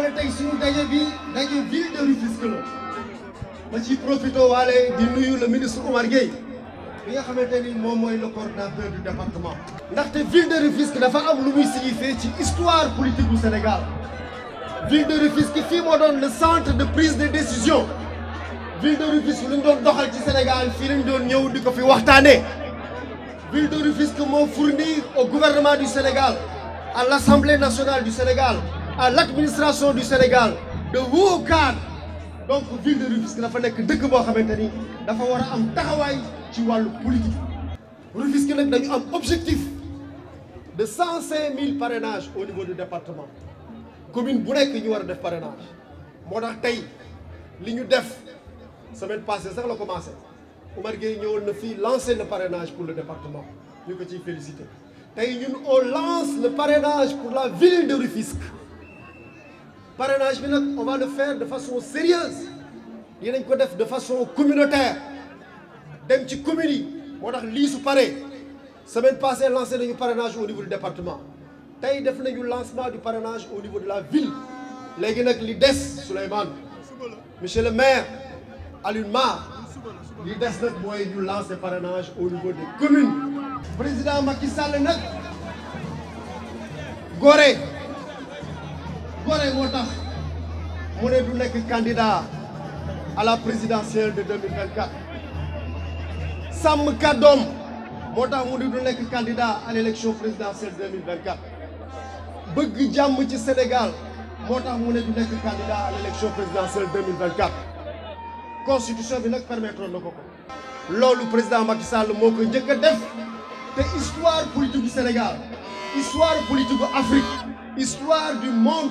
dama ne tey bi daje ville de Rufisque la ma profito profité waale di nuyu le ministre Omar Gueye bi nga xamante ni moom le coordonnateur du département. ndaxte ville de Rufisque dafa am lu muy ci histoire politique du Sénégal ville de Rufisque fii moo le centre de prise de décision ville de Rufisque lu ñu doon doxal ci Sénégal fii lañ doon ñëw di ko fi waxtaanee ville de Rufisque moo fournir au gouvernement du Sénégal à l'Assemblée nationale du Sénégal à l'administration du Sénégal de hauts Donc, donc ville de Rufisque dafa nekk que boo xamante vous dafa war a am travail ci wàllu politique. Rufisque y dañu un objectif de 105 000 parrainages au niveau du département commune bu qui ñu war des def parrainage moo tax qu'on li def semaine passée ça a commencé Omar Gueye ñëwoon na lancer le parrainage pour le département Je vous félicite. on lance le parrainage pour la ville de Rufisque parrainage on va le faire de façon sérieuse il ko def de façon communautaire dem ci communes yi moo tax lii La semaine passée a lancé le parrainage au niveau du département tey def nañu lancement du parrainage au niveau de la ville léegi nag li des ville. monsieur le maire Alun Ma. li des nag mooy ñu lancer parrainage au niveau des communes président Macky Sall Goré. Gorée je suis tax candidat à la présidentielle de 2024 Sam Kadom, moo tax candidat à l'élection présidentielle de 2024 bëgg jàmm Sénégal je suis candidat à l'élection présidentielle de 2024 La constitution bi nag permettre na ko ko le président Macky Sall def te politique du Sénégal l'histoire politique de l'Afrique, l'histoire du monde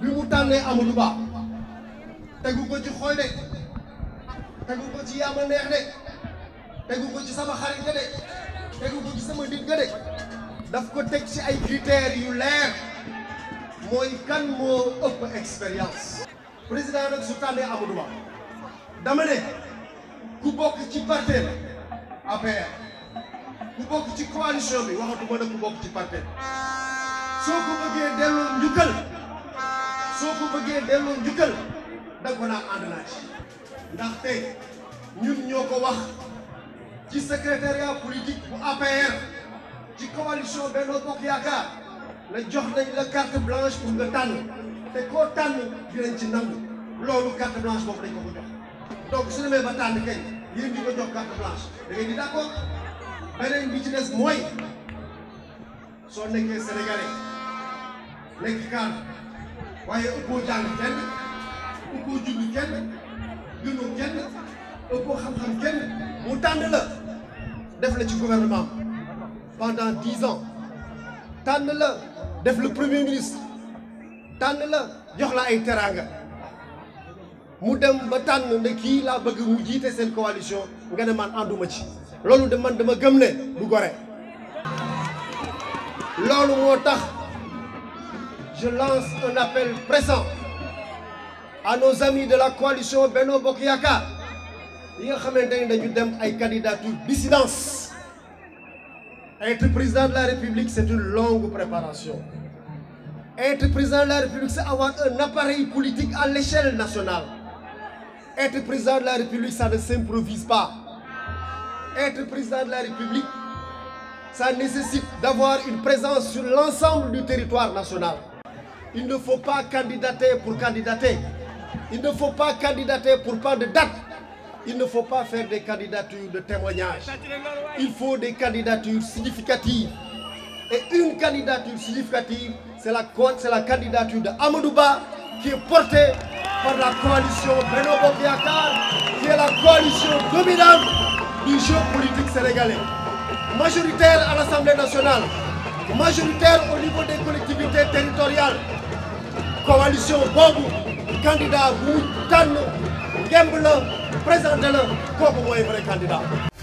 bi mu tànnee Amadou Ba tegu ko ci xooy de tegu ko ci yaama neex de tegu ko ci sama xarit ga de tegu ko ci sama nit ga de daf ko teg ci ay critères yu leer mooy kan moo ëpp expérience président nag su tànnee Amadou Ba dama ne ku bokk ci parti la APR bokk ci coalition bi waxatuma ne ku bokk ci parti soo ko bëggee delloo njukkal soo ko bëggee delloo njukkal da nga ko naan ndaxte ñun ñoo ko wax ci secrétariat politique bu APR ci coalition Benno Bokk Yaakaar la jox nañ la carte blanche pour nga tànn te koo tànn dinañ ci nangu loolu carte blanche boobu dañ ko ko jox donc su demee ba tànn kay yéen ñi ko jox carte blanche da ngeen di d'accord beneen bi ci des mooy soo nekkee sénégalais nekk cadre waaye ëppoo jàng kenn ëppoo julli kenn gënoo kenn ëppoo xam-xam kenn mu tànn la def la ci gouvernement pendant dix ans tànn la def le premier ministre tànn la jox la ay teraanga mu dem ba tànn ne kii laa bëgg mu jiite seen coalition nga ne man ànduma ci loolu de man dama gëm ne du gore loolu moo tax je lance un appel pressant à nos amis de la coalition Beno Bokiyaka. Il y a un ni candidature dissidence être président de la République c'est une longue préparation être président de la République c'est avoir un appareil politique à l'échelle nationale être président de la République ça ne s'improvise pas être président de la République ça nécessite d'avoir une présence sur l'ensemble du territoire national il ne faut pas candidater pour candidater. Il ne faut pas candidater pour pas de date. Il ne faut pas faire des candidatures de témoignage. Il faut des candidatures significatives. Et une candidature significative, c'est la, la candidature de Amadouba qui est portée par la coalition Beno qui est la coalition dominante du jeu politique sénégalais. Majoritaire à l'Assemblée nationale, majoritaire au niveau des collectivités solution boobu candidat bu tànn ngemb la présenté la kooku mooy vrai